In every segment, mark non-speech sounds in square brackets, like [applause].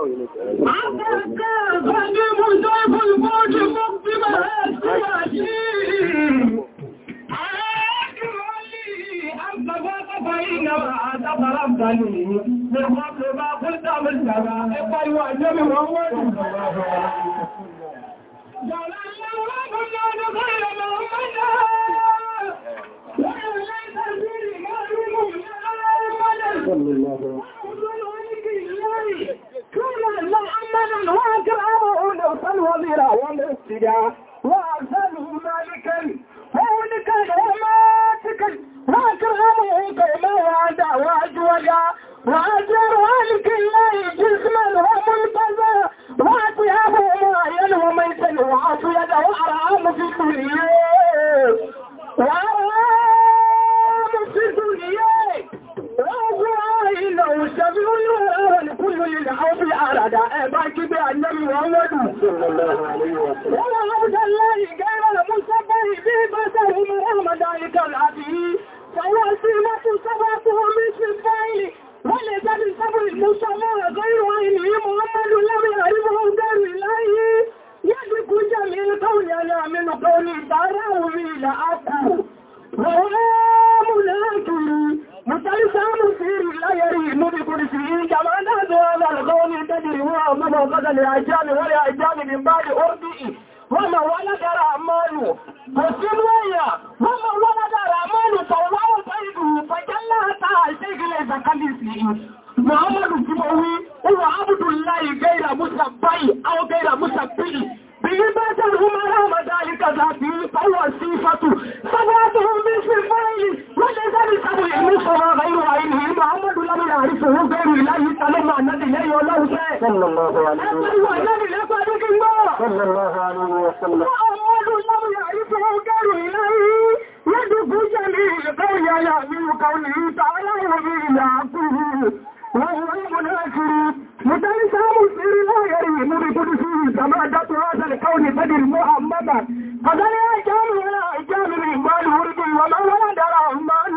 Jọ̀lá ń lọ́wọ́ Yeah. fi àràdà ẹ̀bá kígbé àjẹ́rì wọn lọ́dún. Wọ́n lọ́dún lẹ́yìn gẹ́rẹ̀ mú sọ́fẹ́ ìbí ìbẹ́sẹ̀ ìmú ọmọdá ìkàlà àbí Fọwọ́ sí mọ́tún sọ́fẹ́ fún omi sí fẹ́ìlì. Wọ́n lè jáde sọ́fẹ́ ìmúṣọ́mọ́ ọ̀gọ́ ìwọ̀n ìlú ìmọ̀ ọmọdú lẹ́rìn àríwọ̀ ọdẹ́rì láyé. Yẹ́dì kújẹ́ mi ń kọ́ ìyẹn àmì nùkọ́ ní ìdára òun ìlà ápù. Wọ́n mú lẹ́kùnrin مثل في لا يريد بقدسه جمالا هذا القوم تدري هو من قتل العجام والعجام من بعد أرضه وما ولد رحمن وسنويا وما ولد رحمن طواه بيده فجلها تعالى شيخ كمثله محمد الجمهوري هو عبد الله غير مسبي أو غير مسبي بهبة الأمراء وذلك ذاتي فهو الصفة صفاته باسم الفاعل وليس بسبب المصطفى غير عينه محمد لم يعرفه غير الله تعالى مع النبي لا يولاه صلى الله عليه وسلم النبي لا صادق الله صلى الله عليه وسلم محمد لم يعرفه غير الله يدب جميع غير يعمل كونه تعالى ومن يعقله وهو الآخرين لذلك مسير لا يريم بقدسه كما ذات هذا الكون بدر محمدا قد لا يجعل ولا يجعل ما الورد وما ولد رحمن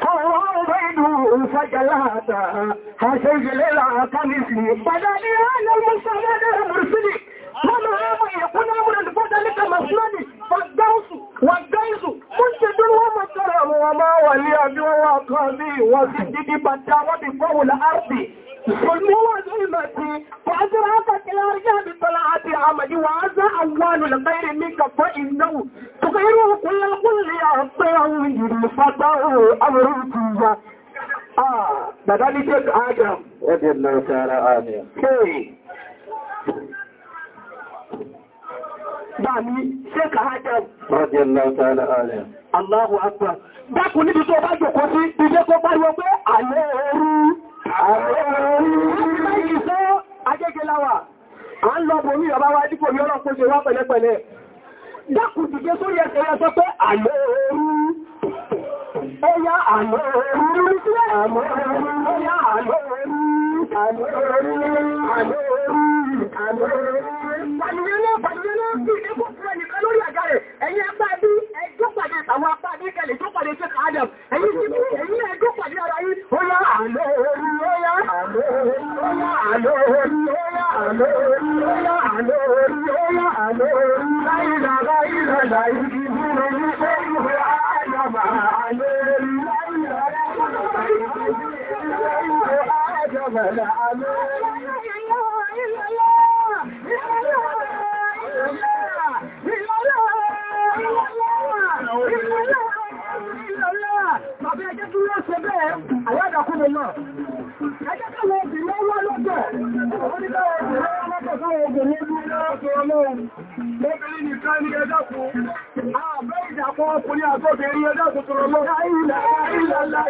فهو عبيده فجلاتا حسيج للعقل اسمه بدل هذا المستمر مسجدي من داوم فوق الأرض سلموا ظلمتي فأدراك إلى رجال طلعة عملي وهذا أول الخير منك فإنه تغيره كل الكل يعطيه من فتاه أمرتي آه بذلك آدم رضي الله تعالى آمين Dani, Sheikh Hajar. Radiyallahu ta'ala anhu. Allahu akbar. Dákun níbi tó bá jòkó sí, ìjẹ́ kó pariwo pé àlẹ́ ẹrú. Àlẹ́ ẹrú. Láti sọ agégéláwà, à ń lọ bomi ọba wa dípò ní ọlọ́pù ṣe wá pẹ̀lẹ́pẹ̀lẹ́. Dákun dìde sórí ẹsẹ̀ rẹ̀ sọ pé àlẹ́ ẹrú. Ẹyá àlẹ́ ẹrú. Àlẹ́ ẹrú. Ẹyá àlẹ́ ẹrú. Àlẹ́ ẹrú. Àlẹ́ ẹrú. Àlẹ́ ẹrú. Pàdìyẹ́lẹ́ pàdìyẹ́lẹ́ lórí àjá rẹ̀ ẹ̀yìn apá bí ẹjọ́ pàdé àwọn apá bí kẹlẹ̀ tó pàdé ṣe kàádàm ẹ̀yìn tí bí ẹ̀yìn ẹjọ́ pàdé ara yìí ó yá àlọ́ orí ó yá àlọ́ orí ó yá àlọ́ orí ó yá àlọ́ orí ó yá àlọ́ orí ó yá àlọ́ orí láìlà láìlà láìlì ìbúrò ní pé ìwé àjàmà àlọ́ orí láìlà láìlà láìlì ìbúrò àjàmà àlọ́ orí bẹ́ẹ̀ àyádàkúnlẹ̀ náà ẹjẹ́ káwọn obìnrin wọ́n lọ́dọ̀ ó ní káwọn obìnrin wọ́n lọ́dọ̀ káwọn obìnrin ní ọjọ́ ọlọ́run obìnrin nìkan ní ẹjọ́kùn àbẹ́ ìdàpọ̀ ọkùnrin àtọ́bìnrin ẹjọ́kùn tó rọ lọ́dọ̀ ìlà ìlà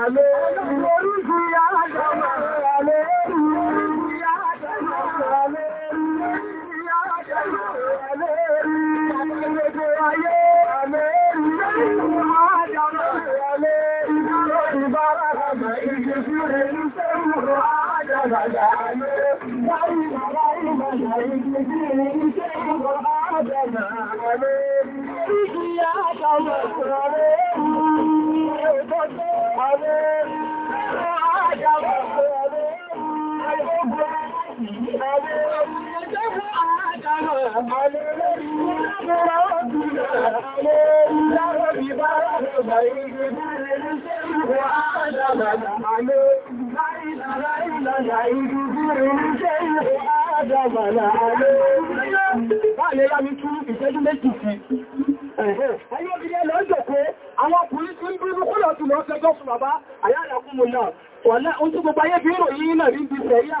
ìlà ìlú ohun tí gbogbo ayé fi ń ròyìn náà rí bí sẹ́yà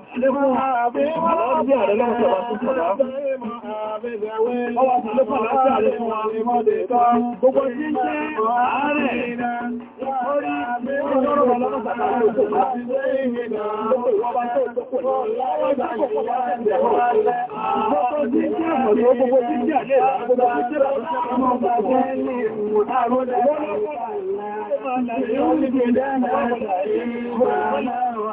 lékún àlọ́gbé ààrẹ lọ́wọ́ tí ọba tó sọ̀dá ọwà sí lékún àlọ́gbé ààrẹ fún wa gbogbo tí ń jẹ́ ààrẹ orí ọjọ́rọ̀ wà lọ́wọ́ sàtà ààrẹ òkúta gbogbo ìwọ́ba tó ìtọ́kùnrin wọ́n tó kò pọ̀ láti ẹ̀rọ gbogbo tí ń jẹ́ àmọ̀dé gbogbo tí ń jẹ́ àlẹ́ ìgbogbo tí ń jẹ́ àmọ̀dé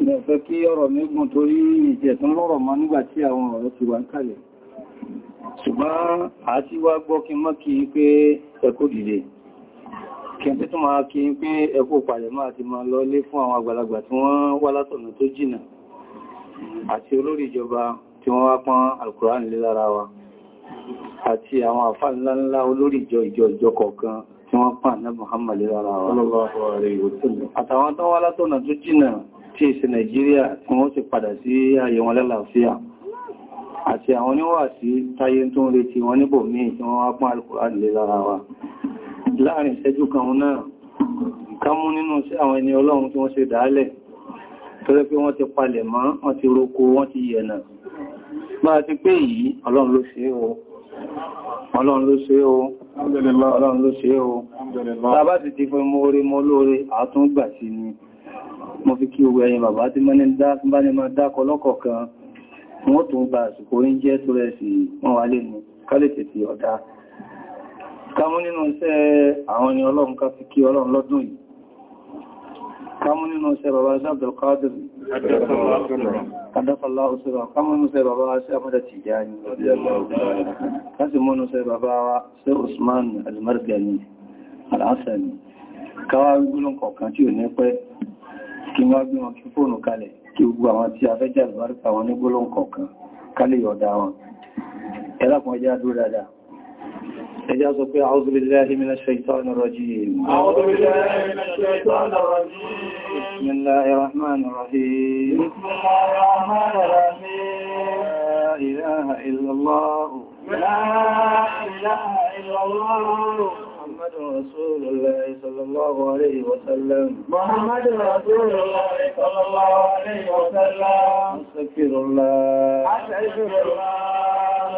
ìrẹ̀fẹ́ kí ọ̀rọ̀ mi gùn torí ìjẹ̀tún lọ́rọ̀ ma nígbà tí àwọn ọ̀rọ̀ ti wà ń kalẹ̀. ṣùgbọ́n a ti wá gbọ́ kí mọ́ kí n pé ẹkó dìde kí n tó máa kí n pé ẹkó palẹ̀ máa ti máa lọ lé fún àwọn àgbàlagbà tí wọ́n wá látọ̀nà tó jìnà àti olórí ìjọba tí wọ́n wá pọ́n alkùránì lé lára wa àti àwọn àfáà ńláńlá olórí ìjọ ìjọ ìjọ kọ̀ọ̀kan tí wọ́n pàà náà Muhammad lára wa àtàwọn tó wá látọ̀nà tó jìnà tí ìsẹ̀ Nàìjíríà tí wọ́n ti padà sí ayé wọn lálàáfíà àti àwọn oníwà sí táyé tó ń retí wọn níbò míì tí wọ́n wá pán Al-Kùránì lè lára wa láàrin ìṣẹ́jú kan náà kámú nínú sí àwọn ẹni Ọlọ́run tí wọ́n ṣe dálẹ̀ torí pé wọ́n ti palẹ̀ mọ́ wọ́n ti roko wọ́n ti yẹ̀nà bá ti pé yìí Ọlọ́run ló ṣe o Ọlọ́run ló ṣe o Ọlọ́run ló ṣe o tàbá ti ti fún mọ́ orí mọ́ lóore àtúngbà mo fi kí owó ẹ̀yìn bàbá tí mọ́ ní bá ní máa dákọ̀ lọ́kọ̀ọ̀kan wọ́n tó ń gba àsìkò oúnjẹ tó rẹ̀ sí wọ́n wà lè ní kálẹ̀tẹ̀ ti ọ̀dá kámú nínú iṣẹ́ àwọn ni ọlọ́run ká fi kí ọlọ́run lọ́dún yìí kámú nínú iṣẹ́ bàbá Abdulkadir adáfàlá òṣèrà kámú Usman al-Margani al-Asani káwàá gbólóǹkọ̀ọ̀kan tí ò ní pẹ́ kí wọ́n gbé wọn kí fóònù kalẹ̀ kí gbogbo àwọn tí a fẹ́ jà lùbáríkà wọn ní gbólóhùn kọ̀ọ̀kan kálẹ̀ yọ̀dá wọn ẹlákùn ẹjá dúró dáadáa ẹjá sọ pé la ilaha illallah la ilaha illallah محمد رسول الله صلى الله عليه وسلم محمد رسول الله صلى الله عليه وسلم أستغفر الله أستغفر الله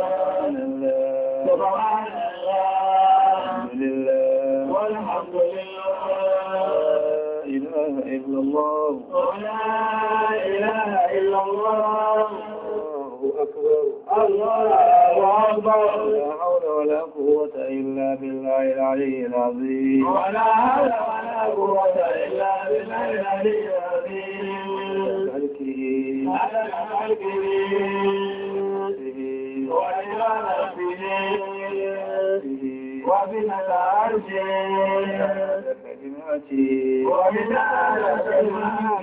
سبحان الله الحمد لله والحمد لله لا إله إلا الله ولا إله إلا الله أكبر الله أكبر لا حول ولا قوة إلا بالله العلي العظيم ولا حول ولا قوة إلا بالله العلي العظيم ملكه على ملكه وإلى نفسه وبنت عرشه وبنت عرشه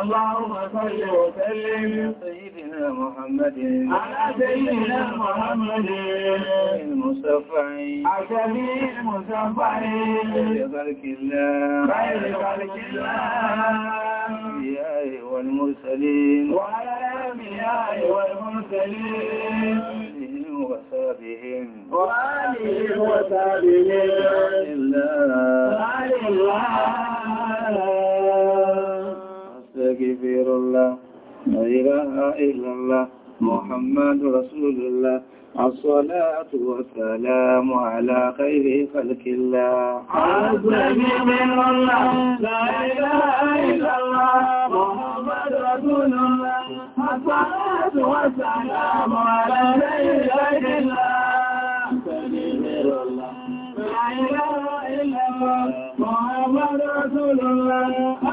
اللهم صل وسلم سيدنا محمد على سيدنا محمد المصطفى عشبي المصطفى خير خلق الله خير خلق الله والمرسلين وعلى الأنبياء والمرسلين وسابهم وآله وسابهم لله أستغفر الله لا إله إلا الله محمد رسول الله الصلاة والسلام على خير خلق الله عزمي من الله لا إله إلا الله محمد رسول الله الصلاة والسلام على خير خلق الله الله لا إله إلا الله محمد رسول الله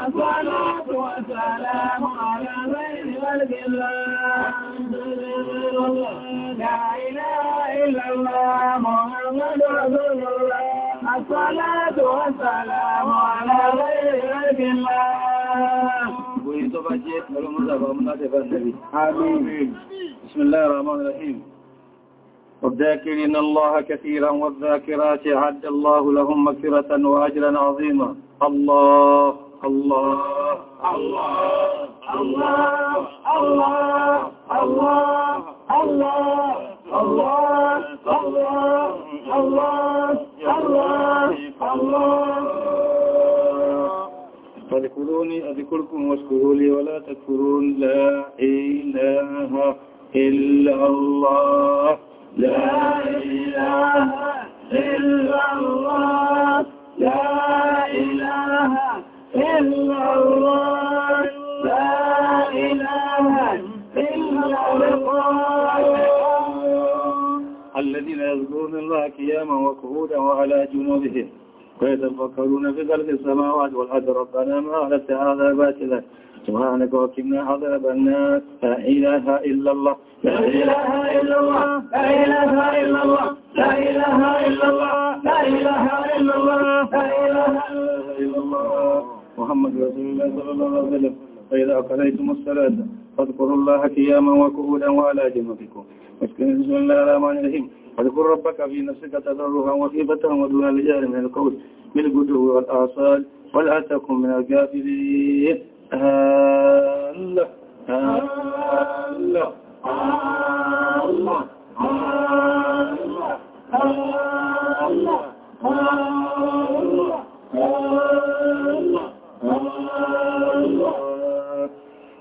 الصلاة والسلام على خير خلق الله لا إله إلا الله محمد رسول الله الصلاة والسلام على الله بسم الله الرحمن الرحيم والذاكرين الله كثيرا والذاكرات عد الله لهم مكرة وأجرا عظيما الله الله الله الله الله الله الله الله الله الله الله الله فاذكروني أذكركم واشكروا لي ولا تكفرون لا إله إلا الله لا إله إلا الله لا إله إلا الله لا إله إلا الله الذين يذكرون الله قياما وقعودا وعلى جنوبهم ويتفكرون في خلق السماوات والأرض ربنا ما أهلت هذا باطلا سبحانك وكنا عذاب الناس لا إله إلا الله لا إله إلا الله لا إله إلا الله لا إله إلا الله لا إله إلا الله لا إله إلا الله محمد رسول الله صلى الله عليه وسلم فإذا قضيتم الصلاة فاذكروا الله قياما وقعودا وعلى جنوبكم واسكن بسم الله الرحمن الرحيم واذكر ربك في نفسك تضرعا وخيفة ودون الرجال من القول بالغدو والآصال ولا تكن من الكافرين آه، الله آه، الله آه، الله الله الله الله الله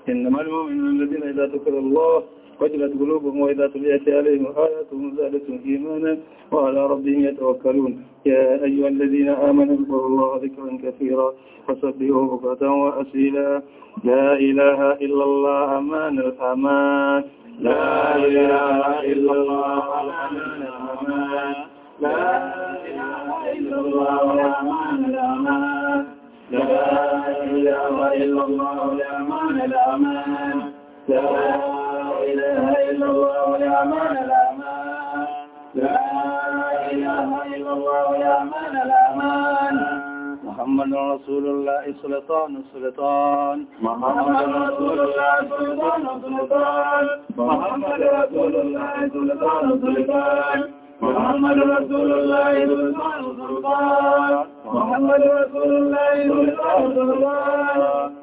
إنما المؤمنون الذين إذا ذكر الله وجلت قلوبهم وإذا تليت عليهم آياتهم زادتهم إيمانا وعلى ربهم يتوكلون يا أيها الذين آمنوا اذكروا الله ذكرا كثيرا وسبحوه بكرة وأسيلا لا إله إلا الله أمان الأمان لا إله إلا الله أمان الأمان لا إله إلا الله أمان الأمان لا إله إلا الله لا الأمان لا إله إلا الله لا الأمان لا إله إلا الله لا الأمان محمد رسول الله سلطان سلطان محمد رسول الله سلطان سلطان محمد رسول الله سلطان سلطان محمد رسول الله محمد رسول الله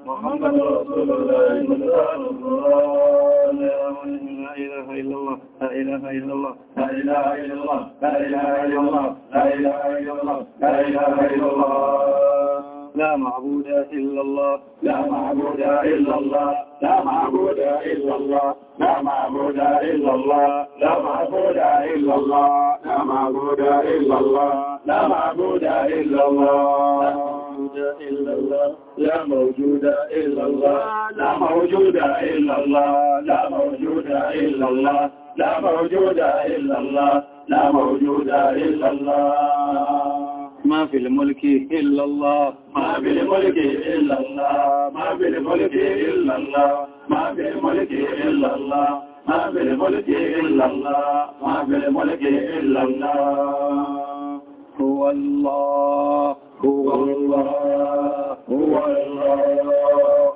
محمد رسول الله لا اله الا الله لا اله الا الله لا اله الا الله لا اله الا الله لا اله الا الله لا معبود إلا الله لا معبود إلا الله لا معبود إلا الله لا معبود إلا الله لا معبود إلا الله لا معبود إلا الله لا معبود إلا الله لا موجود إلا الله لا موجود إلا الله لا موجود إلا الله لا موجود إلا الله لا موجود إلا الله ما في الملك إلا الله ما في الملك إلا الله ما في الملك إلا الله ما في الملك إلا الله ما في الملك إلا الله ما في الملك إلا الله هو الله هو الله هو الله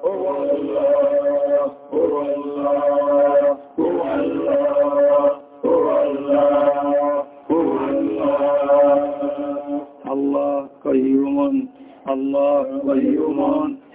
هو الله هو الله هو الله هو الله هو الله الله قيوم الله قيوم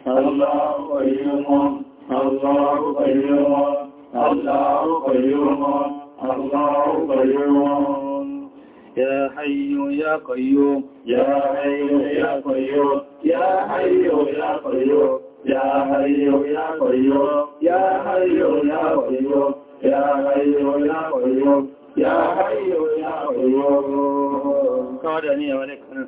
الله قيوم الله قيوم الله قيوم الله قيوم يا حي يا قيوم يا حي يا قيوم يا حي يا قيوم يا حي يا قيوم يا حي يا قيوم يا حي يا قيوم يا حي يا قيوم وكوادانية وعليكم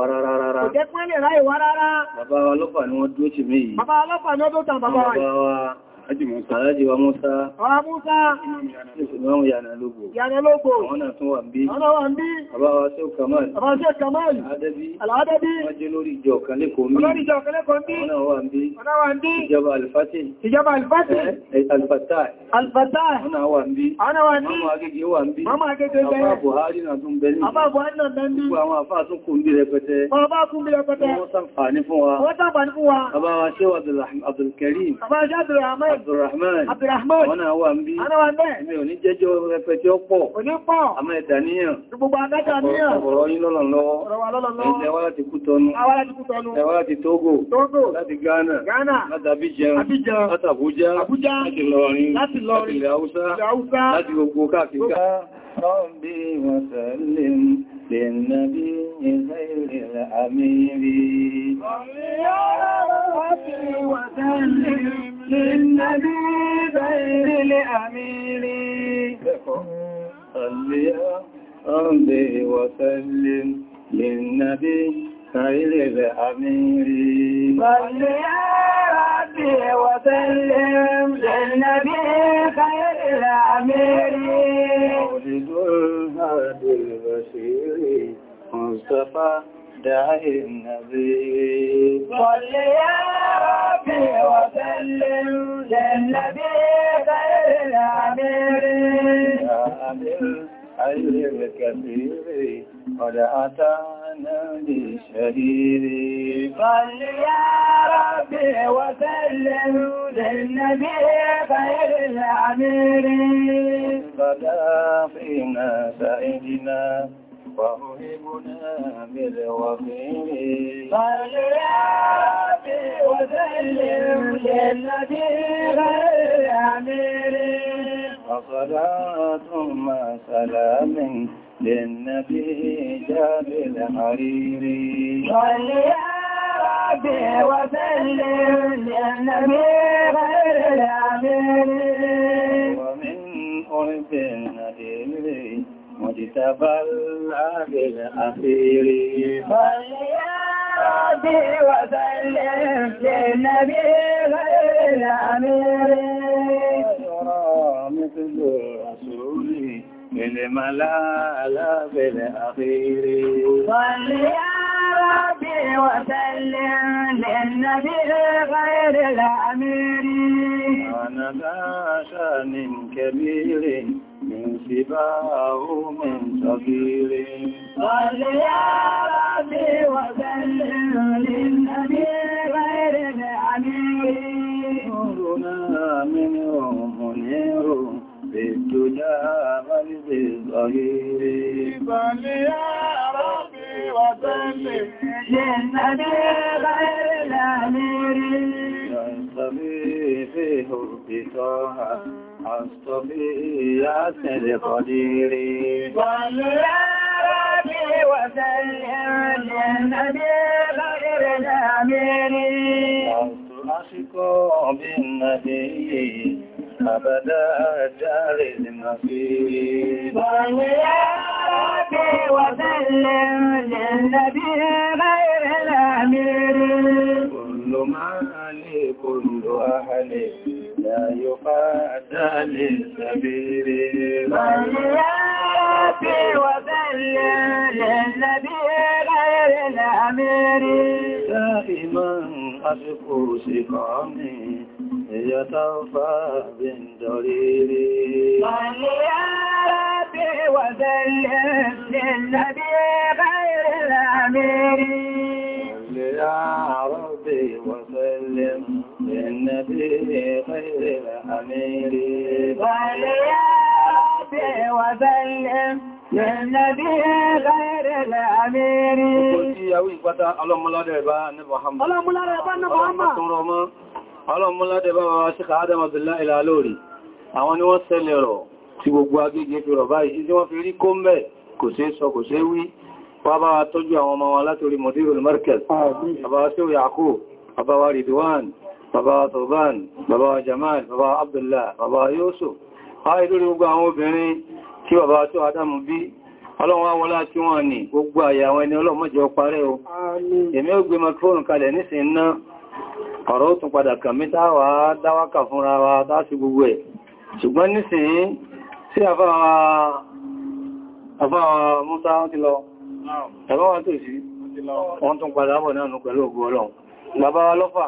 wá rárá rárá. Kò jẹ́ pẹ́lẹ̀ ráyè wá rárá. Bàbá wa lọ́fà ni wọ́n dúró tì mí yìí. Bàbá wa lọ́fà ni wọ́n tó tàn bàbá wa yìí. Ajì Musa. Alájì wa Musa. Ọ̀rá Musa. Ìsìnlọ́run yànà lógbò. Yànà lógbò. Àwọn náà tún wà ń bí. Ọ̀nà wà ń bí. Bàbá wa ṣe Kamal. Bàbá ṣe Kamal. Adébí. Aládébí. Wọ́n jẹ́ lórí ìjọ kan lẹ́kọ̀ọ́ mí. Lórí ìjọ kan lẹ́kọ̀ọ́ mí. Ọ̀nà wà ń bí. Ọ̀nà wà ń bí. Ìjọba Alifati. Ìjọba Alifati. Alifata. Alifata. Ọ̀nà wà ń bí. Ọ̀nà wà ń bí. Mama Agége wà ń bí. Mama Agége bẹ́ẹ̀. Àbá Buhari náà tún bẹ́ẹ̀ ní. Àbá Buhari náà bẹ́ẹ̀ ní. Gbogbo àwọn àfáà tún kò ń bí rẹpẹtẹ. Bàbá kún bí rẹpẹtẹ. Wọ́n sàǹfààní fún wa. Wọ́n sàǹfààní fún wa. Bàbá wa ṣé Abdulkarim. Bàbá ṣé Abdulrahman. Abdulrahman. Àwọn náà wà ń bí. Àwọn wà ń bẹ́ẹ̀. Mi ò ní jẹ́jọ́ rẹpẹtẹ ọ̀pọ̀. Kò ní pọ̀. Àmọ́ ẹ̀dà níyàn. Gbogbo adájà níyàn. Ọ̀rọ̀ yín lọ́lọ́ lọ́wọ́. Ọ̀rọ̀ wa lọ́lọ́ lọ́wọ́. Ẹ̀jẹ̀ wá láti Ghana. Ghana. Láti Abidjan. Abidjan. Láti Abuja. Abuja. Láti Lọrin. Láti Lọrin. Láti ilẹ̀ Haúsá. Láti Haúsá. Láti gbogbo káàkiri. Rọ́ọ̀bì للنبي غير الأمير صلي على ربي وسلم للنبي غير الأمير صلي على ربي وسلم للنبي سيد الأمير صل يا ربي وسلم للنبي خير الأمير مولد الهادي البشير مصطفى داعي النبي صل يا ربي وسلم للنبي خير الأمير يا أمير خير الكثير قد أتانا بشهيد صل يا ربي وسلم للنبي خير الأمير صداقنا سيدنا وأهبنا بالوفير صل يا ربي وسلم للنبي خير الأمير وصلاة ما سلام للنبي جاب الحريري صل يا ربي وسلم للنبي غير العميري ومن قرب النبي مجتبى العهد الأخير صل يا ربي وسلم للنبي غير ويرى مثل رسول في الأخير صل يا ربي وسلم للنبي غير الأمير أنا باشا كبير من سباه من صغير صل يا ربي وسلم للنبي غير الأمير نورنا منه منير الدجى والبظهير صل يا ربي وسلم للنبي غير الأمير ينصبي في حبك طه عصبي يا سر قديري صل يا ربي وسلم للنبي غير الأمير لست أشكو بالنبي أبدا جالس النبي وسلم للنبي غير الأمير كل مالي كل أهلي لا يقاتل للسبيل صل وسلم للنبي غير الأمير دائما أشكو سقامي هي ترفع من دليلي صلي يا ربي وسلم للنبي غير الأمير صلي يا ربي وسلم للنبي غير الأمير صلي يا ربي وسلم للنبي غير الأمير قلت يا ويقبتا اللهم لا ربا نبو محمد اللهم لا ربا نبو محمد ọlọ́múnládẹ bá wa ṣíkà adam abdullahi lalórí àwọn ni wọ́n sẹ́lẹ̀ rọ̀ tí gbogbo agbègbè fi rọ̀ báyìí tí wọ́n fi rí kó mẹ́ kò ṣe sọ kò ṣe wí wá bá wa tọ́jú àwọn ọmọ wọn látorí mọ̀díròl markaz bàbá wa sí òyàkó bàbá wa ridwan bàbá wa toban bàbá wa jamal bàbá wa abdullah bàbá wa yusuf a ìlúrí gbogbo àwọn obìnrin tí bàbá wa tó adamu bí ọlọ́run wá wọlá tí wọ́n ní gbogbo àyà àwọn ẹni ọlọ́mọ́jọ parẹ́ o èmi ó gbé microphone ọ̀rọ̀ ó tún padà kàn mí táwà dáwákà fúnra wa táṣì gbogbo ẹ̀ ṣùgbọ́n nísìnyí sí àfáwà Musa ti lọ ẹ̀bá wa tó sí wọ́n tún padà bọ̀ náà pẹ̀lú ògbò ọlọ́run bàbá wa lọ́fà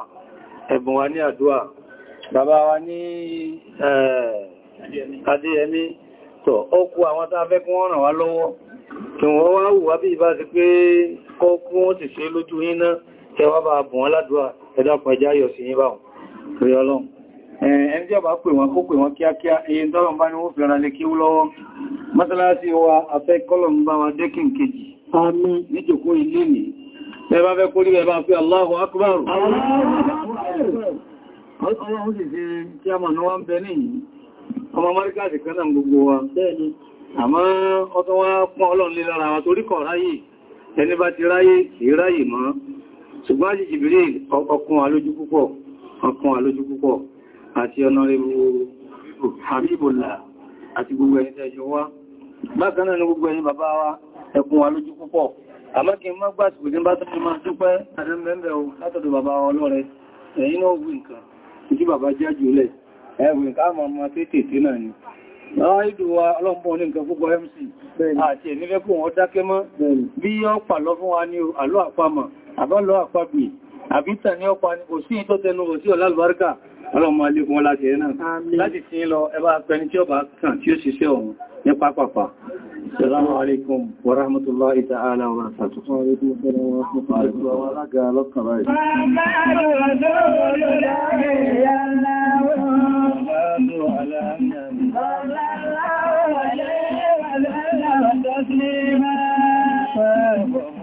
ẹ̀bùn wa ní àdúà bàbá wa ní adéyẹmí eh, tọ̀ ó kú àwọn tá wa lọ́wọ́ kẹwàá bá bùn wọn ládùúwà ẹ̀dàkùn ẹjá yọ̀ sí yí báwọn rí ọlọ́run ẹni jẹ́ bá pè wọn kó pè wọn kíákíá èyí tọ́rọ̀ bá ní wó fẹ́ra lè kí lọ́wọ́ mọ́sálásí wa afẹ́ kọ́lọ̀m bá wa dẹ́kìn kejì níjòkó ilé ní ẹbá fẹ́ Allahu Akbar ọlọ́run sì sí kí a mọ̀ ní wọ́n bẹ níyìn ọmọ amẹ́ríkà sì kánà gbogbo wa àmọ́ ọdún wá pọ́n ọlọ́run lé ẹni bá ti ráyè kìí ráyè ṣùgbọ́n àti Jibril ọkùn alójú púpọ̀ ọkùn alójú púpọ̀ àti ọ̀nàrẹ́bù Habibullah àti gbogbo ẹni ni gbogbo wa ẹkùn alójú púpọ̀ àmọ́kí má gbàṣùgbò ní bá tọ́jú máa dúpẹ́ àdẹ́mẹ́mẹ́ o látọ̀dọ̀ bàbá wa ọlọ́rẹ ẹ̀yìn náà wù nǹkan tí bàbá jẹ́ jùlẹ̀ ẹ̀wù nǹkan àmọ́ ọmọ tètè náà ni Ráìdùwà ọlọ́pọ̀ ní nǹkan púpọ̀ MC àti ẹ̀nífẹ́kùn wọn dákẹ́ mọ́ bí yọ́ pàlọ́ fún wa ní àlọ́ àpamọ̀, àbálọ́ àpagbè, àbítà ní ọpa ní kò sí ìtọ́ tẹnu rọ̀ sí ọ̀lá àlùbáríkà ọlọ́mọ alékun láti ẹ̀ náà. Láti sí lọ ẹbá السلام عليكم ورحمة الله تعالى وبركاته وعليكم السلام ورحمة الله وبركاته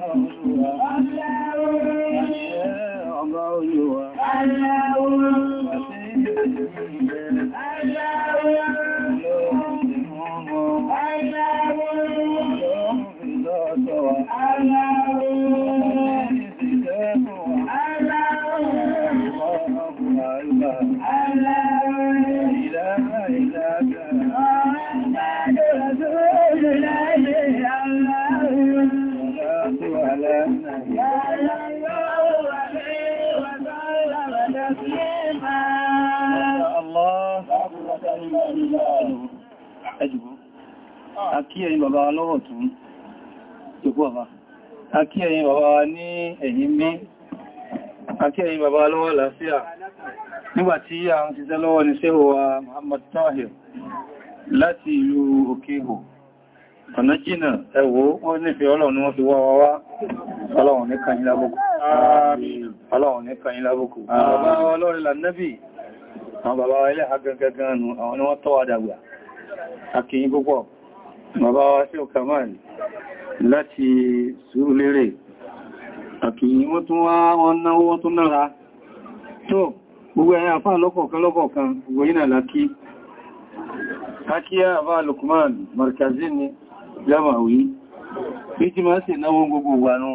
kí ẹ̀yin bàbá wa ní ẹ̀yìn mí àti ẹ̀yin bàbá lọ́wọ́ làáfíà nígbàtí a ń ṣiṣẹ́ lọ́wọ́ ní ṣéhò wa Muhammad Tahir láti ìlú Òkèhò ọ̀nà jìnà ẹ̀wọ́ wọ́n nífẹ̀ẹ́ Ọlọ́run ni wọ́n fi wá wá wá Ọlọ́run ní kanyí lábùkù Ọlọ́run ní kanyí lábùkù bàbá wa lọ́rẹ̀ lànẹ́bì àwọn bàbá wa ilẹ̀ agangagan nù àwọn ni wọ́n tọ́wà dàgbà akìyìn púpọ̀ láti Sùúrùlérè àkì wọ́n tún wá wọ́n náwó wọ́n tún nára tó gbogbo ẹ̀yà àfáà lọ́kọ̀ọ̀kan lọ́kọ̀ọ̀kan gbogbo yínà lákí kákíyà àfá Lukman Markazin ni Jamawi bí ti máa sì náwó gbogbo wánú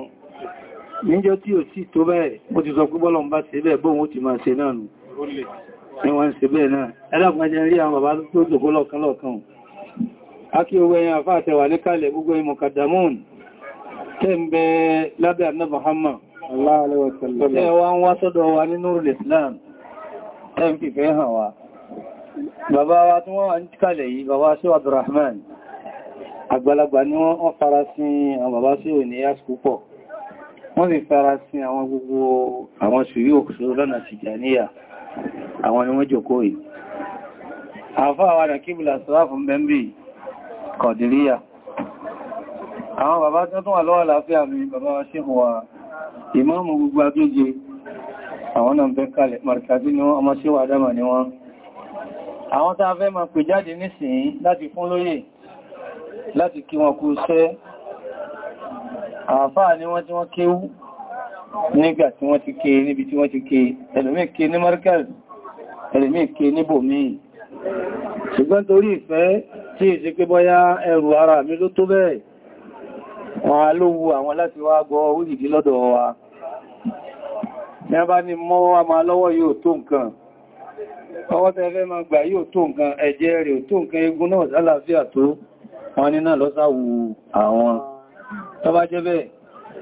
níjọ́ tí ò sí tó bẹ́ẹ̀ ó ti sọ pé bọ́lọ̀n bá ṣe bẹ́ẹ̀ bóhun ti máa ṣe náà nù ní wọ́n bẹ́ẹ̀ náà ẹlọ́pàá jẹ́ rí àwọn bàbá tó jòkó lọ́kan lọ́kan akí owó ẹyàn àfá àtẹwà ní kalẹ̀ gbogbo ìmọ̀ kàdàmùn tẹ́ ń bẹ lábẹ́ àná Muhammad ẹwà ń wa ní Islam tẹ́ ń fìfẹ́ hàn wa bàbá wa tí wọ́n wà ní kalẹ̀ yìí bàbá sí Abdurrahman àgbàlagbà ni wọ́n fara sí àwọn bàbá sí òní yas púpọ̀ wọ́n sì fara sí àwọn gbogbo àwọn sùúrí òkúsù lọ́nà Tìjàníyà àwọn ni wọ́n jòkó yìí àfáà wa nà kíbùlà sọ́wọ́ fún bẹ́m̀bì kọ̀dìríyà àwọn bàbá tó tún wà lọ́wọ́ àlàáfíà mi bàbá wa ṣe wà ìmáàmù gbogbo agbéje àwọn náà bẹ́ kalẹ̀ markazi ni wọ́n ọmọ ṣe wà dámà ni wọ́n àwọn tá fẹ́ ma pè jáde nísìnyí láti fún lóyè láti kí wọn kú sẹ́ àfáà ni wọ́n tí wọ́n kéwú nígbà tí wọ́n ti ké níbi tí wọ́n ti ké ẹlòmí ké ní markazi ẹlòmí ké níbòmí ṣùgbọ́n torí ìfẹ́ tí èsì pé bọ́yá ẹrù ara mi ló tó bẹ́ẹ̀ wọn a ló wu àwọn láti wá gọ orílẹ̀-èdè lọ́dọ̀ wa ẹbá ni mọ́ wá máa lọ́wọ́ yóò tó nǹkan ọwọ́ tẹ́fẹ́ máa gbà yóò tó nǹkan ẹ̀jẹ̀ rẹ̀ ò tó nǹkan egun náà sálàáfíà tó wọn náà àwọn jẹ́ bẹ́ẹ̀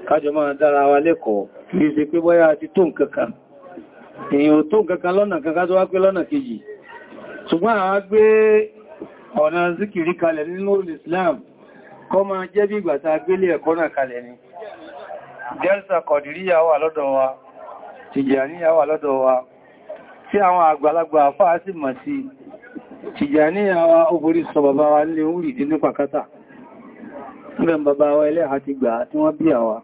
kájọ máa dára wa lẹ́kọ̀ọ́ pé bọ́yá ti tó nǹkan kan èèyàn tó nǹkan kan lọ́nà kan ká tó wá pé lọ́nà kejì ṣùgbọ́n gbé ọ̀nà zikiri kalẹ̀ nínú Islam kọ ma jẹ́ bí ìgbà tàà gbélé ẹ̀kọ́ náà kalẹ̀ ni delta kọ̀dìríyà wà lọ́dọ̀ wa tìjàníyà wà lọ́dọ̀ wa tí àwọn àgbàlagbà àfáà sì mọ̀ sí tìjàníyà wa ó borí sọ bàbá wa nílé orí wa ilẹ̀ àti gbà tí wọ́n bí àwa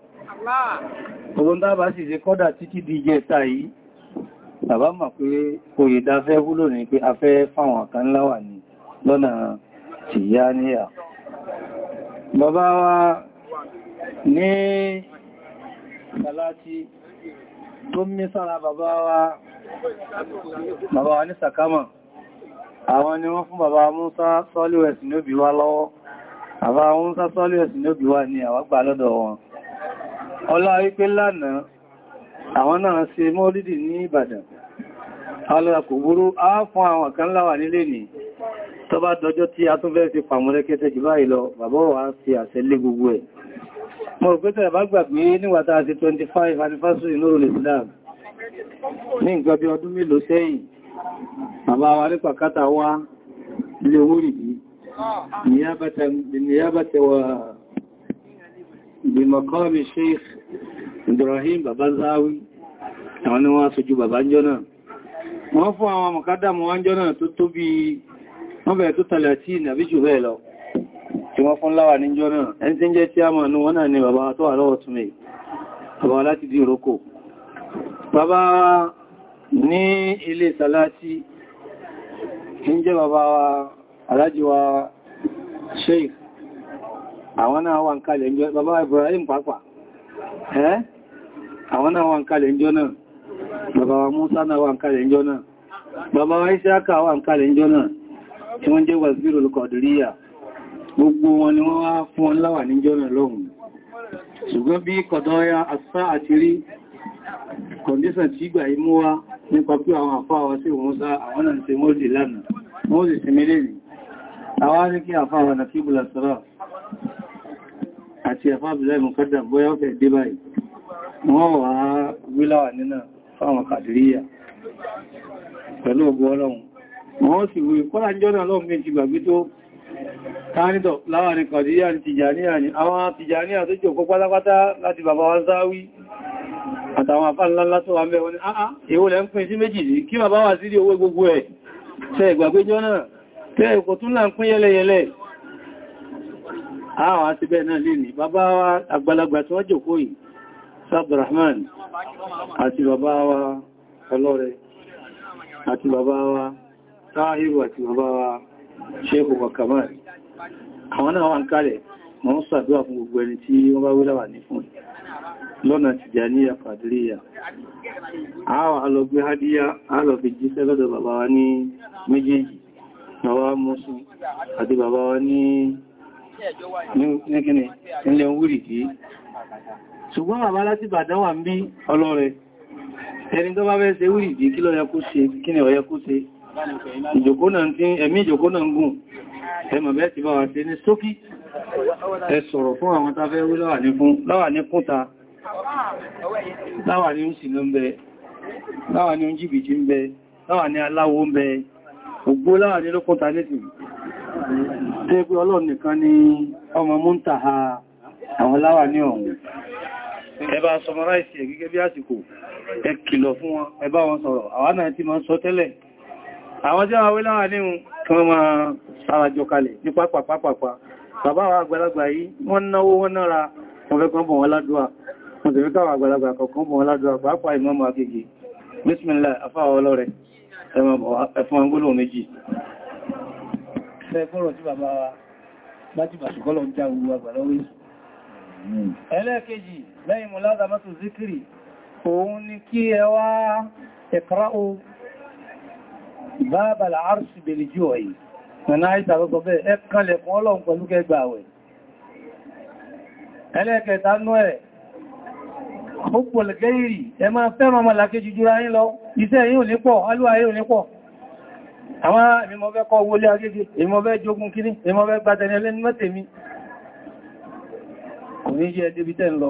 ogun dábà sì ṣe kọ́dà títí di jẹta yìí bàbá mọ̀ pé oyè dáfẹ́ wúlò ní pé afẹ́ fáwọn kan láwà ni lọ́nà tìyáníyà bàbá wa ní Gàlátì tó mí sára bàbá wa bàbá wa ní sàkámà àwọn ni wọ́n fún bàbá Músá sọ́lúwẹ̀sì ní òbí wa lọ́wọ́ àbá Músá sọ́lúwẹ̀sì ní òbí wa ni àwágbà lọ́dọ̀ wọn ọlá wípé lánàá àwọn náà ṣe mọ́rídì ní Ìbàdàn alọ́dà kò burú á fún àwọn kan láwà nílé nìí tó bá dọjọ́ tí a tún fẹ́ fi pàmúrẹ́ kẹtẹ́ jù báyìí lọ bàbá wa fi àṣẹ lé gbogbo ẹ̀ mo rò pé tẹ̀rẹ̀ bá gbàgbé níwàtà àti 25 anniversary Nurul Islam ní nǹkan bí ọdún mélòó sẹ́yìn bàbá wa ní pàkátà wá ilé owó rìbí níyábàtẹ̀ wà bímọ̀kọ́mí Ibrahim bàbá záwí àwọn ni wọ́n aṣojú bàbá jọ náà wọ́n fún àwọn mọ̀kádàmù wọ́n jọ tó tó bí wọ́n bẹ̀rẹ̀ tó tàlẹ̀ tí ìnàbí jù bẹ́ẹ̀ lọ tí wọ́n fún láwà níjọ́ náà ẹni tí ń jẹ́ tí a mọ̀ ní wọ́n náà ni bàbá tó wà lọ́wọ́ tún mẹ́ bàbá láti di ìrókò bàbá ní ilé sàláti bàbá alájíwa sheik wà ń kalẹ̀ ìjọ Ibrahim pàápàá ẹ́ àwọn náà wà ń kalẹ̀ ìjọ náà bàbá Musa náà wà ń wà ń kalẹ̀ ìjọ náà tí wọ́n jẹ́ wàzírò olùkọ̀dìríyà gbogbo wọn ni wọ́n wá fún wọn láwà ní jọ́nà lọ́hùn ṣùgbọ́n bí kọ̀dọ́ya asá àti rí kọ̀ndíṣàn tí gbà yí mú wá nípa pé àwọn àfáwà sí òmúsá àwọn náà ṣe mọ́sí lánàá mọ́sí sí mílẹ̀ ní àwọn ní kí àfáwà na kíbùlà sọ́rọ̀ àti àfábìlá ìmọ̀kádà bóyá ọ̀fẹ́ dé báyìí wọ́n wà á gbíláwà nínà fáwọn kàdìríyà pẹ̀lú ọgbọ́ ọlọ́run wọ́n sì wé kọ́lá jọ́nà lọ́n méjì gbàgbé tó káàrítọ̀ láàrin kọ̀díyà ní tìjàníà ní àwọn tìjàníà tó jò kó pátápátá láti bàbá wọn sáwí àtàwọn àfáàlá tó wà mẹ́wọ́n ní àá èwo lẹ́ ń pín sí méjì sí kí bàbá wà sílé owó gbogbo ẹ̀ tẹ́ ìgbàgbé jọ́nà tẹ́ ẹ̀kọ́ tún là ń pín yẹ́lẹ́yẹ́lẹ́ àwọn àti bẹ́ẹ̀ náà lè ní bàbá wa táhírù àti bàbá wa ṣéèkù bàkàmà àwọn náà wà ń kálẹ̀ mọ́ ń sàdúrà fún gbogbo ẹni tí wọ́n bá wílàwà ní fún lọ́nà Tìjàníyà Kàdíríyà àwà alọ́gbé hádíyá alọ́fi jíṣẹ́ lọ́dọ̀ bàbá wa ní méjèèjì bàbá mọ́sù àti bàbá wa ní níkíní ilẹ̀ wúrì kí ṣùgbọ́n bàbá láti bàdán wà ń bí ọlọ́rẹ̀ ẹni tó bá fẹ́ ṣe wúrì kí ló kó ṣe kí ni ó kó ṣe ìjòkó náà tí ẹ̀mí ìjòkó náà ń gùn ẹmọ̀ bẹ́ẹ̀ ti bá wà sí ní sókí ẹ sọ̀rọ̀ fún àwọn tafẹ́ wí láwà ní kúta láwà ní òsì ló ń bẹ láwà ní jìbìtì ń bẹ láwà ní aláwo ń bẹ ògbó láwà ní lókúta létì tẹ́ pé ọlọ́run ha àwọn láwà ní ọ̀hún ẹba sọmọráìsì ẹ̀ gẹ́gẹ́ bí àsìkò ẹ kìlọ̀ fún wọn ẹbá wọn sọ̀rọ̀ àwọn náà ti máa sọ tẹ́lẹ̀ àwọn tí wọ́n wé láwọn aléhun kí wọ́n máa sárajọ kalẹ̀ ní pápápápá bàbá wa àgbàlagbà yìí wọ́n náwó wọ́n nára wọ́n fẹ́ kan bọ̀ wọ́n ládùá wọ́n tẹ̀fẹ́ káwà àgbàlagbà kọ̀kan bọ̀ wọ́n ládùá pàápàá ìmọ́mọ̀ agègè bísmìlá afáwọ̀ ọlọ́rẹ̀ ẹ̀fún angúlò méjì ẹlẹ́ẹ̀kejì lẹ́yìn mọ̀lá báàbà àrùsì bèèrè jù ọ̀yí nana àìsà ló sọ bẹ́ẹ̀ ẹ kànlẹ̀kùn ọlọ́run pẹ̀lú kẹgbà wẹ̀ ẹlẹ́ẹ̀kẹta nú ẹ̀ púpọ̀ lẹ́gẹ́rì ẹ máa fẹ́ràn ọmọ làkejì jura yín lọ iṣẹ́ yìí ò ní pọ̀ alúwà yìí ò ní pọ̀ àwọn ìmọ̀fẹ́ kọ́ lọ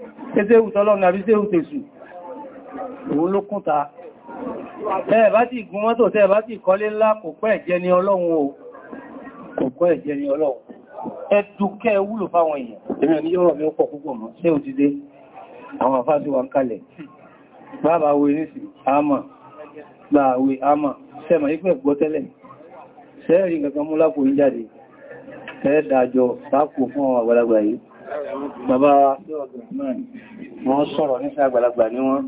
Tẹ́tẹ́ ìtọ́lọ́run àbí tẹ́ ìtẹ̀sù. Òun ló kúnta. Tẹ́ẹ̀ bá ti gùn mọ́tò tẹ́ẹ̀ bá ti kọ́lé ńlá kò pẹ́ ẹ̀jẹ́ ni Ọlọ́run o. Kò ẹ̀jẹ́ ni Ọlọ́run. Ẹdùkẹ́ wúlò fáwọn èèyàn. Èmi ò ní yọ́rọ̀ mi ó pọ̀ púpọ̀ mọ́. Ṣé ò ti dé? Àwọn àfáà ti wà ń kalẹ̀. Bàbá wo ní sí, bàbá wọ́n sọ̀rọ̀ ní àgbàlagbà ní wọ́n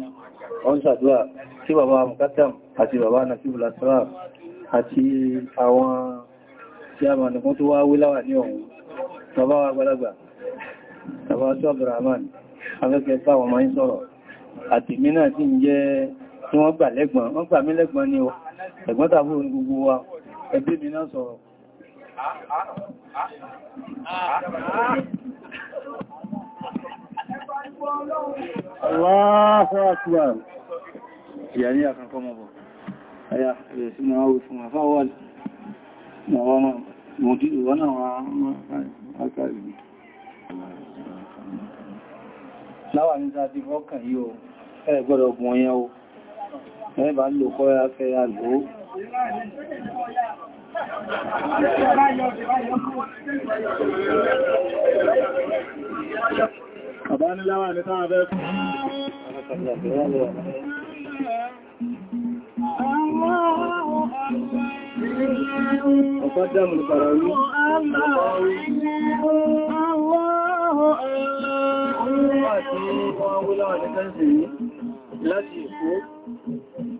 wọ́n ṣàdúrà tí bàbá mukatam àti bàbá nakibu lasara àti àwọn tí a mànìkún tó wá wíláwà ní ọ̀hún bàbá àgbàlagbà bàbá tó abdurrahman afẹ́kẹ́ bá wọn máa ń sọ̀rọ̀ àti mí náà sì ń jẹ́ tí wọ́n gbà lẹ́gbọ̀n wọ́n gbà mí lẹ́gbọ̀n ni ẹ̀gbọ́n tàbí ní gbogbo wa ẹbí mi náà sọ̀rọ̀ Aláàfẹ́ àtúwà. Ìyà ní àkàkọ́ mọ̀ bọ̀. Ayá, ẹ̀rẹ̀ sí máa wù fún àfáwà wọ́n náà àkàrí. Láwà ní sáà ti fọ́kàn yí o, ẹ gbọ́dọ̀ gùn ọyẹ́ o, ẹ bá lò kọ́ ẹ fẹ́ àlò. Thank you. Bàbá ní láwà ní táwà fẹ́ fún. Ọ̀pọ̀dá mú pàrà rí. Láti ìfún awúláwà ní kẹ́sì yìí, láti ìfún.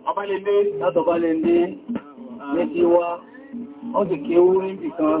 Abálẹ́lé látọ̀bálẹ́lé ní ti wá, ó ti kéwú ní ìkan.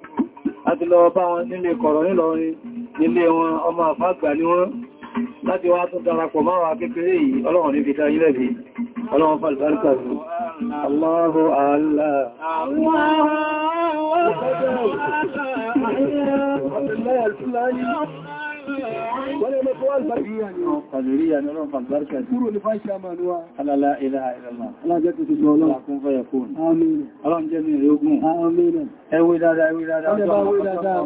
láti lọ bá wọn nílé kọ̀rọ̀ nílọrin nílé wọn ọmọ àfágbà ní wọ́n láti wá tún darapọ̀ máa kékeré yìí ọlọ́run níbi ta ilẹ̀ bí ọlọ́run fàlùbáríkà sí Allahu Allah Allahu Allah wọ́n lè mọ́ fún albarkiya ni ó kàdìríyà ni ọlọ́run albarkiya ni kúrò ní fáṣà mànúwà alálá ilá ìlàlá alájẹ́ tó ti sọ ọlọ́run àkún fẹ́yẹ̀ kún ọlọ́run jẹ́ ní ìrógún ẹwé dáadáa ẹwé dáadáa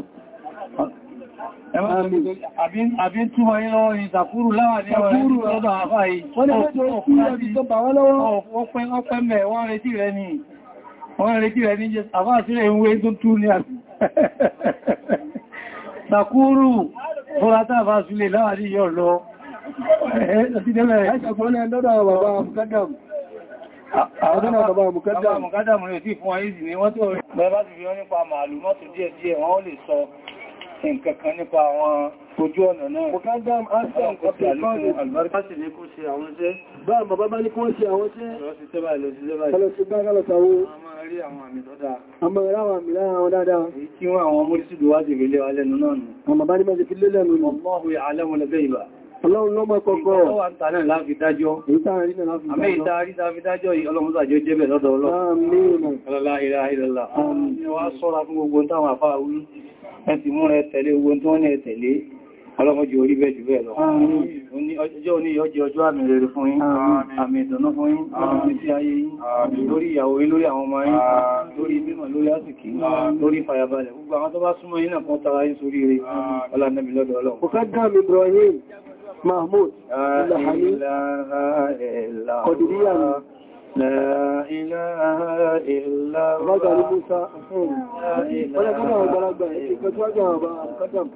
Àbí túnmọ̀ yí lọ́wọ́ ni ìtàkúrù láwà ní ọ̀rẹ́ ọ̀dọ̀ àfá yìí. Wọ́n ni mẹ́jọ òkúrò àti tó bà wọ́n lọ́wọ́. Ọ̀pẹ́ mẹ́ wọ́n retí rẹ̀ ní. Wọ́n retí rẹ̀ ní jẹ́ àfá sílẹ̀ ìwé tó tú ní àti. [laughs] Tàkúrù Fọ́nà tàbá sílé láàrin yọ lọ. Àwọn ọ̀dọ́nà bàbá mùkádàmù rẹ̀ tí fún ayé ìzì ni wọ́n tí ọ̀rẹ́ bá ti fi wọ́n nípa màálù mọ́tò díẹ̀díẹ̀ wọ́n lè sọ nǹkankan nípa àwọn kojú ọ̀nà náà. Mọ̀kádám Ásán ọ̀pẹ̀ fọ́ọ̀lù. Àlùbáríkà sì ní kó ṣe àwọn iṣẹ́. Bá bàbá bá ní kó ṣe àwọn iṣẹ́. Lọ sí tẹ́bà lọ sí tẹ́bà. Lọ sí bá lọ sàwó. A máa rí àwọn àmì dáadáa. A máa rí àwọn àmì lára wọn dáadáa. Èyí tí wọ́n àwọn mọ́lísìdò wá jèrè lé wa lẹ́nu náà nù. Àwọn bàbá ní mẹ́jẹ̀ fi Allahu ya'lamu al-ghayba. Ọlọ́run ló mọ̀ kọ̀kọ̀. Ìtọ́wà ń tà náà láfi dájọ́. Ìtàrí náà láfi dájọ́. Àmì ìtàrí láfi dájọ́ yìí ọlọ́run sàjọ́ jẹ́ bẹ̀ lọ́dọ̀ ọlọ́run. Àmín. Ọlọ́lá ìlà ìlọ́lá. Àmín. Wọ́n sọ́ra fún gbogbo táwọn àfáà wí. Ẹ ti múra ẹ tẹ̀lé ogun tó ní ọlọ́mọjú orí bẹ́ẹ̀ jù bẹ́ẹ̀ lọ. ọjọ́ oní ọjọ́ ọjọ́ àmì rere fún yín àmì ìdùnnú fún yín àmì sí ayé yín lórí ìyàwó yín lórí àwọn ọmọ yín lórí mímọ̀ lórí àsìkí lórí fàyàbalẹ̀ gbogbo àwọn tó bá súnmọ́ yín náà kan tara yín sórí rẹ̀ ọlánàbí lọ́dọ̀ ọlọ́run kò fẹ́ dáàmì Ibrahim Mahmoud ilahani kọdìríyà ni La ilaha illa Allah. Rọ́gbà ní Musa. Ọjọ́ kọ́nà ọ̀gbàlagbà ẹ̀kẹ́ tó wájú àwọn ọba kọ́dàmù.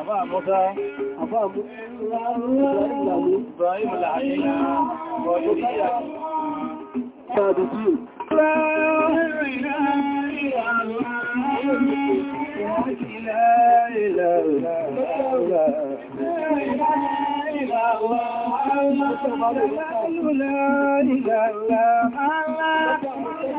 Àbá àmọ́ta, àbá لا إله إلا الله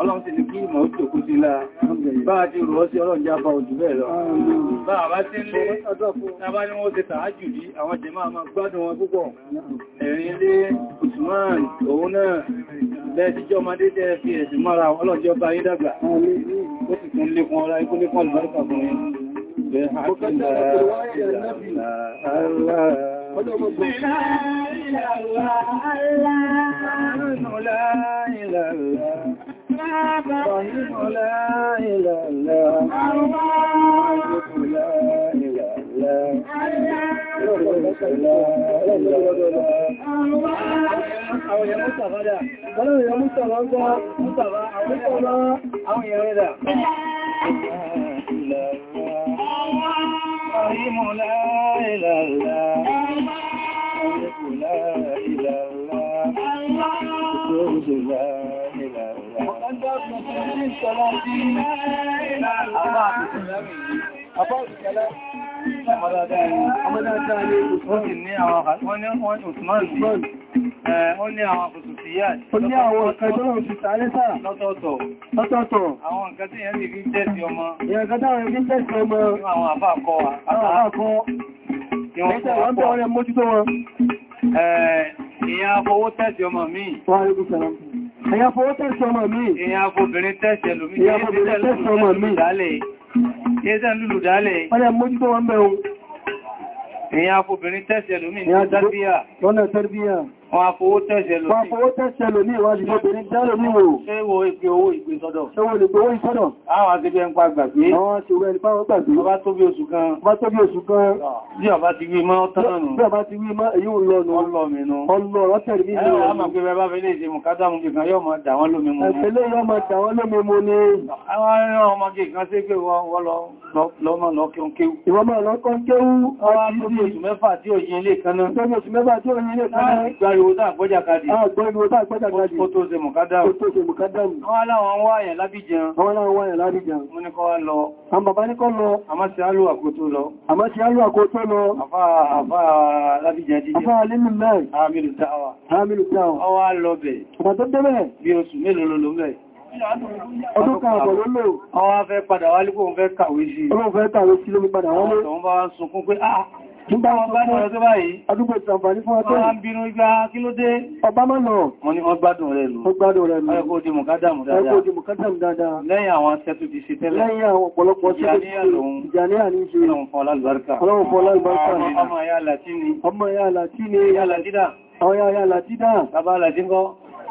ọlọ́run sì ní kí ìmọ̀ ó tòkú sí lára bá ti rọ̀ sí ọlọ́run jábá ojú bẹ́ẹ̀ lọ bá àbá tí ń lé tàbá ní wọ́n ti tààjù dí àwọn jẹ máa máa gbádùn wọn púpọ̀ ẹ̀rin ilé Usman òun náà bẹ́ẹ̀ ti jọ máa dédé fi ẹ̀sìn mọ́ra ọlọ́jọ́ bá yín dàgbà ó sì tún lékún ọlá ikú lékún àlùbáríkà fún Àwọn èèyàn rẹ̀ dà. الكريم لا إله إلا لا إله إلا القدس لا إله إلا مقدس مسلم الثلاثين أربعة أفضل كلام Ọmọdé ọjọ́ ilé ìpòsí ní àwọn àkàtí wọ́n ní ọ̀sùn márùn-ún. Ó ní àwọn ó ní àwọn nǹkan tó lọ́wọ́ sí tààrí sáà lọ́tọ̀ọ̀tọ̀ àwọn nǹkan tí yẹn lè fi tẹ́sì ọmọ àwọn àfáàkọ́ Ìyá fowó tẹ́sì ọmọ mi. Ìyá fowó tẹ́sì ọmọ mi. Ìyá fobìnrin tẹ́sì ẹlòmí. Ìyá fobìnrin tẹ́sì ọmọ mi. Ìyá lùlù dálẹ̀. Ọjọ́ mójútó wọn bẹ̀rún. Ìyá fobìnrin tẹ́sì ẹlòmí ní tẹ́rbíyà. Lọ́nà tẹ́rbíyà. Wọ́n afowó tẹ́ṣẹ́ lò ní ìwádìí obìnrin dálò níwò. Ṣé wo ìpé owó ìgbé sọ́dọ̀? Ṣé wo ìpé owó ìsọ́dọ̀? Àwọn àti bí ẹnpa gbàgbé. Àwọn ti wẹ́ nípa wọ́n gbàgbé. Ọba tó bí oṣù kan. Ọba tó bí oṣù kan. Bí ọba ti wí mọ́ tán nù. Bí ọba ti wí mọ́ èyí ò lọ nù. Ọlọ mi nù. Ọlọ ọ̀tẹ̀ mi nù. Ẹ̀rọ àmà pé bẹ́ẹ̀ bá fẹ́ lè ṣe mùkádàmù kìkan yóò máa dà wọ́n lómi mu. Ẹ̀fẹ́lẹ́ yóò máa dà wọ́n lómi mu ni. Àwọn ẹran ọmọ kìkan sí pé wọ́n lọ lọ́mọ lọ́kàn kéwú. Ìwọ́n máa lọ́kàn kéwú. Ọwá tó bí ìwò tàà gbọ́jà kadì. Àgbọ́n ìwò tàà gbọ́jà kadì. Ó tó ṣe mùkádàmù. Ó tó ṣe mùkádàmù. Wọ́n aláwọn wáyẹ̀ lábíjan. Wọ́n aláwọn wáyẹ̀ lábíjan. Mú ní kọ́ wá lọ. Àwọn bàbá ní kọ́ lọ. Àmá sí alú àkótó lọ. Àmá sí alú àkótó lọ. Àfá àfá lábíjan jíjẹ. Àfá alẹ́mì mẹ́rin. Àmìlù táwà. Àmìlù táwà. Ọwá lọ bẹ̀. Àbàtọ́ dẹ́bẹ̀. Bí oṣù mélòó lọ lọ bẹ̀ ọdún kan àbọ̀ ló lò. Àwọn afẹ́ padà wálé kò ń fẹ́ kàwé sí. Ọlọ́run fẹ́ kàwé sí ló ń padà wálé. Àwọn ọ̀tọ̀ ń bá wá sunkún pé, ah, Nígbà wọn bá ní ọjọ́ báyìí, adúgbò ìtànfàní fún ọjọ́ ìwọ̀n bínú igbá kí ló dé? Ọba máa lọ. Wọ́n ni wọ́n gbádùn rẹ̀ lù. Wọ́n gbádùn rẹ̀ lù. Ọkọ̀ òdìmù kádàmù dáadáa. Ọkọ̀ òdìmù kádàmù dáadáa. Lẹ́yìn àwọn tẹ́tù ti ṣe tẹ́lẹ̀. Lẹ́yìn àwọn ọ̀pọ̀lọpọ̀ tẹ́tù ìjàníyà ní ṣe. Ọlọ́run fún alálùbáríkà. Ọlọ́run fún alálùbáríkà. Ọmọ ya Làtínì. Ọmọ ya Làtínì. Ya Làtídà. Àwọn ya Làtídà. Bàbá Làtíńkọ́.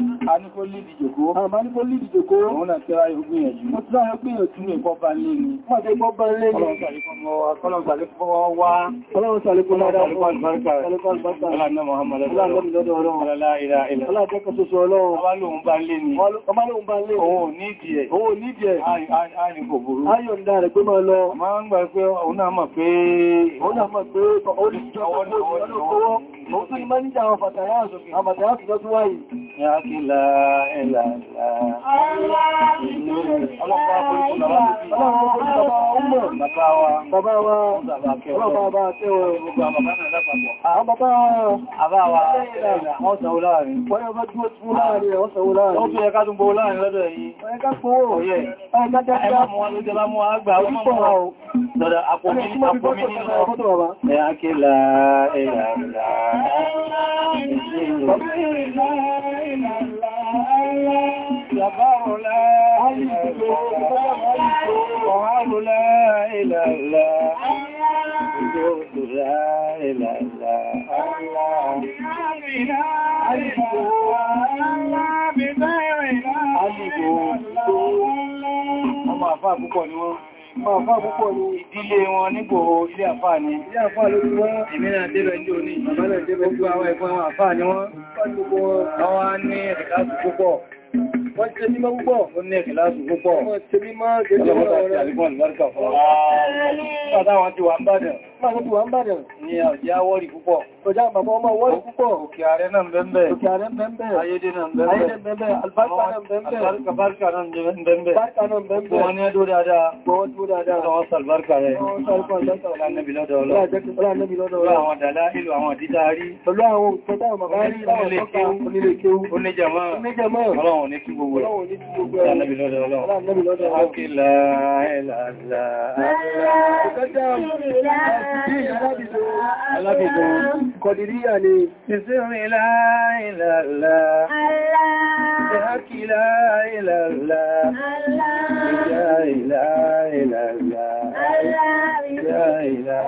Àníkó lídì jòkó. Àmà níkó lídì jòkó. Òun náà tẹ́ra yóò gbìyànjú. Mo ti láyé gbìyànjú ní ẹ̀kọ́ bá lé ni. Mọ́ tẹ́ gbọ́ bá lé ni. Ọlọ́run sàlékún wá. Ọlọ́run sàlékún ládá. Ọlọ́run sàlékún bàtà. Ọlọ́run Muhammad. Ọlọ́run lọ́dọ̀ ọlọ́run. Ọlọ́run tẹ́kọ̀ soso ọlọ́run. Ọba lóhun bá lé ni. Ọba lóhun bá lé ni. Òun ní ìdíẹ̀. Òun ní ìdíẹ̀. Ààrin kò burú. Ayọ̀ ń dá rẹ̀ pé máa lọ. Màá ń gbà pé òun náà mọ̀ pé. Òun náà mọ̀ pé ó Mo tún ní mẹ́níjà àwọn fàtàrà àtúnjọ́ tó wáyìí. Yá kí láàá ẹ̀là Ẹ̀yà kí láàá ẹ̀là ẹ̀là. Ọmọ àfáà púpọ̀ ni wọ́n. Bàbá púpọ̀ ní ìdílé wọn nígbò ilé àfà ni. Ilé àfà ló ti wọ́n. Èmi náà débẹ̀ jò ní bàbá náà débẹ̀ jò àwọn ẹ̀kọ́ àwọn àfà ni wọ́n. Wọ́n wá ní ẹ̀kìláàsù púpọ̀. Wọ́n ṣe mímọ́ púpọ̀. Ó ní ẹ̀kìláàsù púpọ̀. Wọ́n ṣe mímọ́ máa níbi wà ń bàdàn ní ọjá wọ́rì púpọ̀ ọjá bàbá ọmọ wọ́rì púpọ̀ òkè ààrẹ náà bẹ́m̀bẹ̀ òkè ààrẹ bẹ́m̀bẹ̀ ayédé náà bẹ́m̀bẹ̀ albárkà náà bẹ́m̀bẹ̀ albárkà náà bẹ́m̀bẹ̀ albárkà náà bẹ́m̀bẹ̀ wọ́n ní ẹdó dáadáa wọ́n tó dáadáa wọ́n sàlbárkà rẹ̀ wọ́n sàlbárkà rẹ̀ wọ́n sàlbárkà rẹ̀ wọ́n sàlbárkà rẹ̀ wọ́n sàlbárkà rẹ̀ wọ́n sàlbárkà rẹ̀ wọ́n sàlbárkà rẹ̀ wọ́n sàlbárkà rẹ̀ wọ́n rẹ̀ alábìdàn kọdìríyà ni ìsinmìlá ìlàlá ìhákìlá ìlàlá ìjá ìlà ìlàlá ìjá ìlà ìlàlá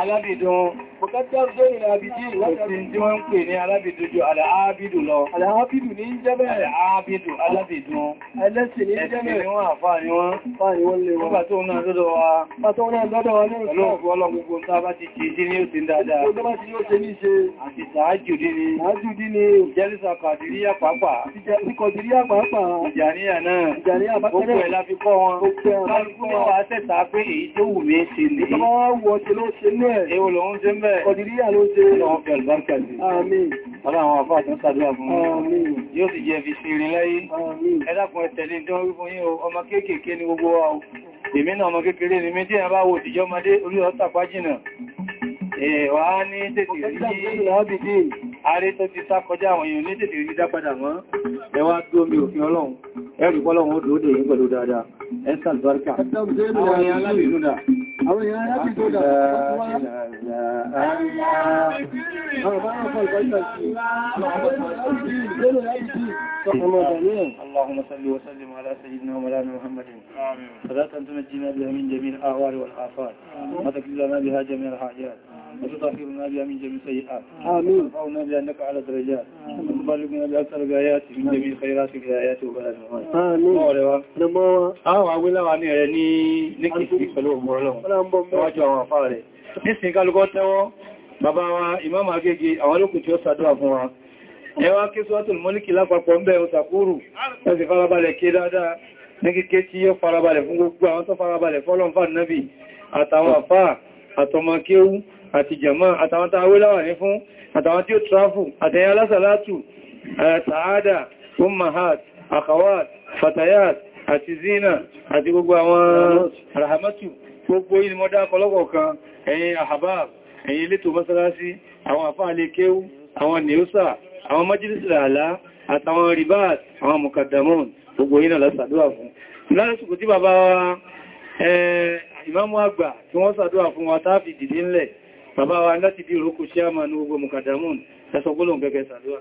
Alábìdàn Bùkátà gbé ìrìn àbìdí ìwọ́sí tí wọ́n ń pè ní alábìdú jù aláàbìdù lọ. Aláàbìdù ní jẹ́bẹ̀ aláàbìdù alábìdù. Ẹlẹ́sìn ní jẹ́bẹ̀ ni wọ́n àfáà ni wọ́n. Fáà ni wọ́n lè wọ́n. Bàtọ́ náà lọ́dọ̀ wa. Bàtọ́ náà lọ́dọ̀ wa ní òṣèlú. Pẹ̀lú ọ̀pọ̀ ọlọ́gbogbo ń sábá ti ṣe dí ní ó ti ń dáadáa. Ó tó bá ti ní ó ṣe ní ṣe. Àti sàájù dí ni. Sàájù dí ni. Ìjẹ́lísà kàdìríyà pàápàá. Ìkọ̀dìríyà pàápàá. Ìjàníyà náà. Ìjàníyà bá kẹ́rẹ̀. Gbogbo ẹ̀ la fi kọ́ wọn. Gbogbo ẹ̀ la fi kọ́ wọn. Bá Ọdìríyà ló ṣe ọ̀pẹ̀ àlùbáríkà sí. Àmín. Ọlọ́run àfá àti ṣàdúrà fún Àmín. Yóò sì jẹ́ fi ṣe rin láyé. Àmín. Ẹ dákun ẹ̀tẹ̀lé dán orí fún yín ọmọ kéékèèké ní gbogbo wa. Èmi náà ọmọ kékeré ni mi tí ẹ bá wo òtìjọ́ ọmọdé orí ọ̀tà pájìnà. Ẹ̀wà ní tètè rí ààrẹ tó ti sá kọjá àwọn èèyàn ní tètè rí dápadà mọ́. Ẹ wá dúró mi òfin Ọlọ́run. Ẹ rí pọ́lọ́run ó dòó dè yín pẹ̀lú dáadáa. Ẹ sàlùbáríkà. اللهم صل وسلم على سيدنا ومولانا محمد امين صلاة تنجينا بها من جميع الأهوال والآفات ما تكلنا بها جميع الحاجات وتطهرنا بها من جميع سيئات وترفعنا بأنك على درجات وتبلغنا بأكثر الآيات من جميع خيرات الآيات وبلاد الموت àwọn awíláwà ah, ní ẹ̀rẹ ní níkìsí pẹ̀lú òmùrọ̀lọ́ wájú àwọn àfáà rẹ̀ nísìn kálùkọ́ tẹ́wọ́ bàbá wa ìmáàmà agége àwọn olókùn tí ó sàdúrà fún wa ẹwà kí sọ́tùl mọ́líkì lápapọ̀ ń bẹ̀ òsàkúrù àti jàmá àtàwọn tàà wé láwàní fún àtàwọn tí ó tráfù àtẹ̀yà alásàlátù àtàádà eh, ummahat akawat, fatayat àti zina àti gbogbo àwọn rahamatu gbogbo yìí mọ́ dá kọlọ́kọ̀ kan ẹ̀yin ahabab ẹ̀yin ilétò mọ́sálásí àwọn àfáàlé kéwú àwọn nìúsà àwọn majílísìlà àlá àtàwọn ribat àwọn mukaddamun gbogbo yìí náà lásàdúwà fún lásìkò tí bàbá eh, ìmáàmù àgbà tí wọ́n sàdúwà fún wa táàfi dìdí ńlẹ̀ bàbá wa láti bí ìrókò sí àmà ní ogun mukadamun ẹsọ gbọ́lọ̀ gẹ́gẹ́ sàdúwà